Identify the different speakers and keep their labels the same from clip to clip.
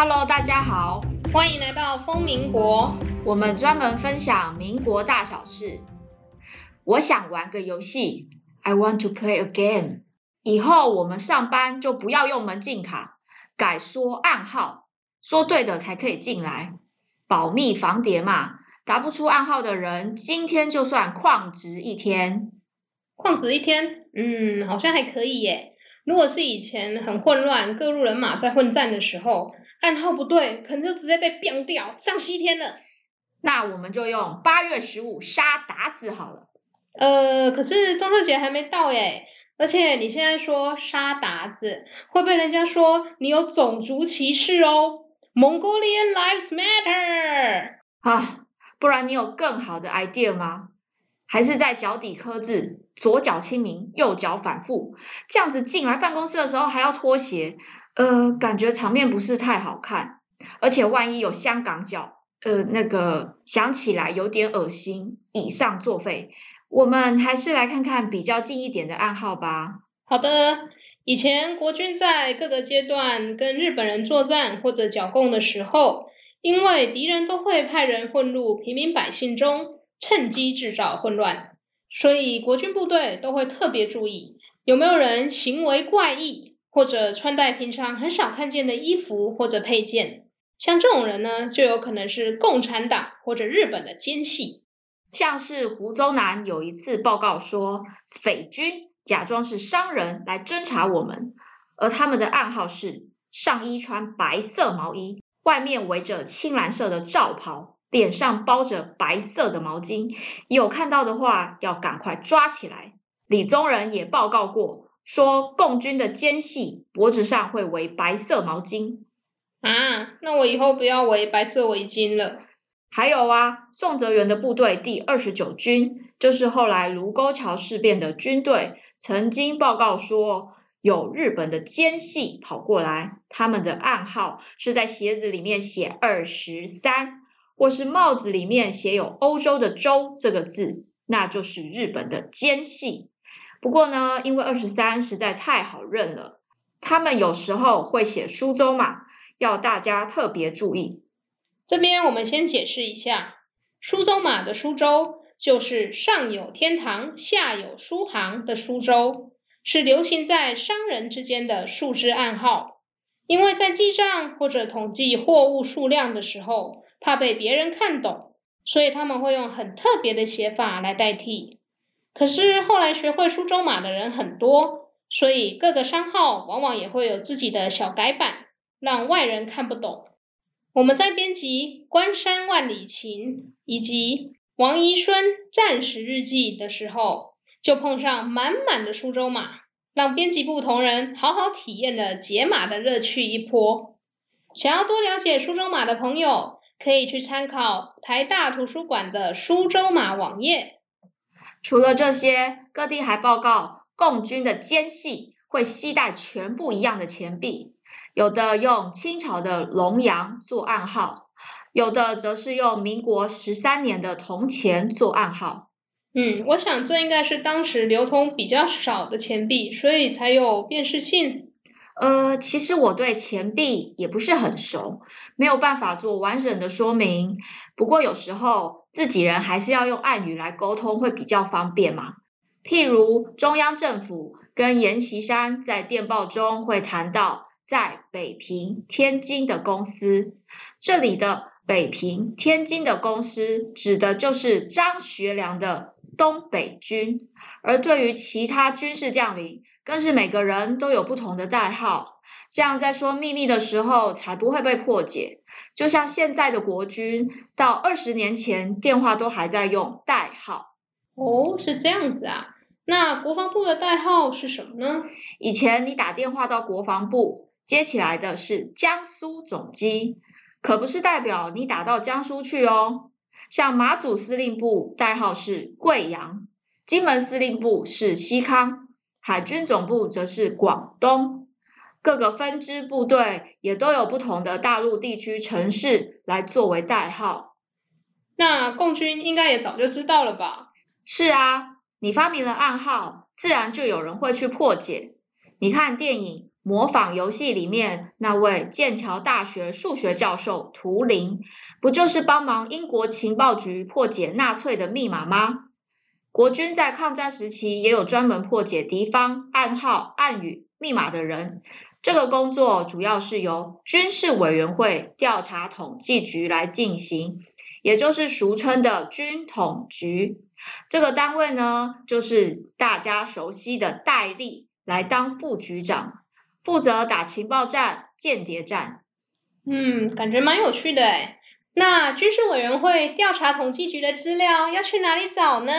Speaker 1: Hello，大家好，歡迎來到瘋民國。我們專門分享民國大小事。我想玩個遊戲，I want to play a game。以後我們上班就不要用門禁卡，改說暗號，說對的才可以進來，保密防諜嘛。答不出暗號的人，今天就算曠職一天。曠職
Speaker 2: 一天？嗯，好像還可以耶。如果是以前很混亂，各路人馬在混戰的時候。暗號不對，可能就直接被斃掉，上西天了。那
Speaker 1: 我們就用八月十五殺韃子好
Speaker 2: 了。呃，可是中秋節還沒到耶，而且你現在說殺韃子，會被人家說你有
Speaker 1: 種族歧視哦。Mongolian lives matter 啊，不然你有更好的 idea 嗎？還是在腳底刻字，左腳清明，右腳反復，這樣子進來辦公室的時候還要脫鞋。呃，感覺場面不是太好看，而且萬一有香港腳，呃，那個想起來有點惡心。以上作廢，我們還是來看看比較近一點的暗號吧。好的，以前國軍在各個階段跟
Speaker 2: 日本人作戰或者剿共的時候，因為敵人都會派人混入平民百姓中，趁機制造混亂，所以國軍部隊都會特別注意有沒有人行為怪異。或者穿戴平常很少看見的衣服或者配件，像這種人呢，就有可能是共產黨或者日
Speaker 1: 本的奸細。像是胡宗南有一次報告說，匪軍假裝是商人來偵察我們，而他們的暗號是上衣穿白色毛衣，外面圍着青藍色的罩袍，臉上包着白色的毛巾。有看到的話，要趕快抓起來。李宗仁也報告過。說共軍的奸細脖子上會圍白色毛巾。啊，那我以後不要圍白色圍巾了。還有啊，宋哲元的部隊第二十九軍，就是後來盧溝橋事變的軍隊，曾經報告說有日本的奸細跑過來，他們的暗號是在鞋子裡面寫二十三，或是帽子裡面寫有歐洲的洲這個字，那就是日本的奸細。不過呢，因為二十三實在太好認了，他們有時候會寫蘇州碼，要大家特別注意。這邊我們先解釋一下，
Speaker 2: 蘇州碼的蘇州就是“上有天堂，下有蘇杭”的蘇州，是流行在商人之間的數字暗號。因為在記賬或者統計貨物數量的時候，怕被別人看懂，所以他們會用很特別的寫法來代替。可是後來學會蘇州碼的人很多，所以各個商號往往也會有自己的小改版，讓外人看不懂。我們在編輯《關山萬里情》以及《王貽蓀戰時日記》的時候，就碰上滿滿的蘇州碼，讓編輯部同仁好好體驗了解碼的樂趣一波。想要多了解蘇州碼的朋友，可以去參考台大圖
Speaker 1: 書館的蘇州碼網頁。除了這些，各地還報告共軍的奸細會攜帶全部一樣的錢幣，有的用清朝的龍洋做暗號，有的則是用民國十三年的銅錢做暗號。嗯，我想這應該是當時流通比較少的錢幣，所以才有辨識性。呃，其實我對錢幣也不是很熟，沒有辦法做完整的說明。不過有時候自己人還是要用暗語來溝通會比較方便嘛。譬如中央政府跟閻錫山在電報中會談到在北平、天津的公司，這裡的北平、天津的公司指的就是張學良的東北軍。而對於其他軍事將領，但是每個人都有不同的代號，這樣在說秘密的時候才不會被破解。就像現在的國軍，到二十年前電話都還在用代號。哦，是這樣子啊。那國防部的代號是什麼呢？以前你打電話到國防部，接起來的是江蘇總機，可不是代表你打到江蘇去哦。像馬祖司令部代號是貴陽，金門司令部是西康。海軍總部則是廣東，各個分支部隊也都有不同的大陸地區城市來作為代號。那共軍應該也早就知道了吧？是啊，你發明了暗號，自然就有人會去破解。你看電影《模仿遊戲》裡面那位劍橋大學數學教授圖靈，不就是幫忙英國情報局破解納粹的密碼嗎？國軍在抗戰時期也有專門破解敵方暗號、暗語、密碼的人，這個工作主要是由軍事委員會調查統計局來進行，也就是俗稱的軍統局。這個單位呢，就是大家熟悉的戴笠來當副局長，負責打情報戰、間諜戰。嗯，感覺蠻有趣的誒。那軍事委員會調查
Speaker 2: 統計局的資料要去哪裡找呢？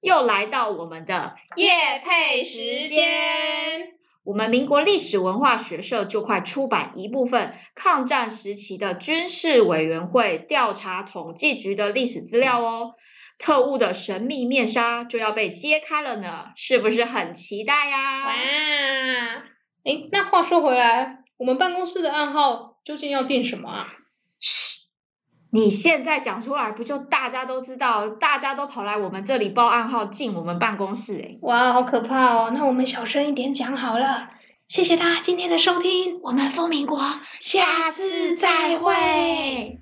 Speaker 1: 又來到我們的
Speaker 2: 業配
Speaker 1: 時間，時間我們民國歷史文化學社就快出版一部分抗戰時期的軍事委員會調查統計局的歷史資料哦，特務的神秘面紗就要被揭開了呢，是不是很期待呀？、啊？哇！哎，那話說回來，我們辦公室的暗號究竟要定什麼啊？你現在講出來，不就大家都知道，大家都跑來我們這裡報暗號進我們辦公室誒，哇，好可怕哦！那我們小聲一點講好了。謝謝大家今天的收聽，我們瘋民國，
Speaker 2: 下次再會。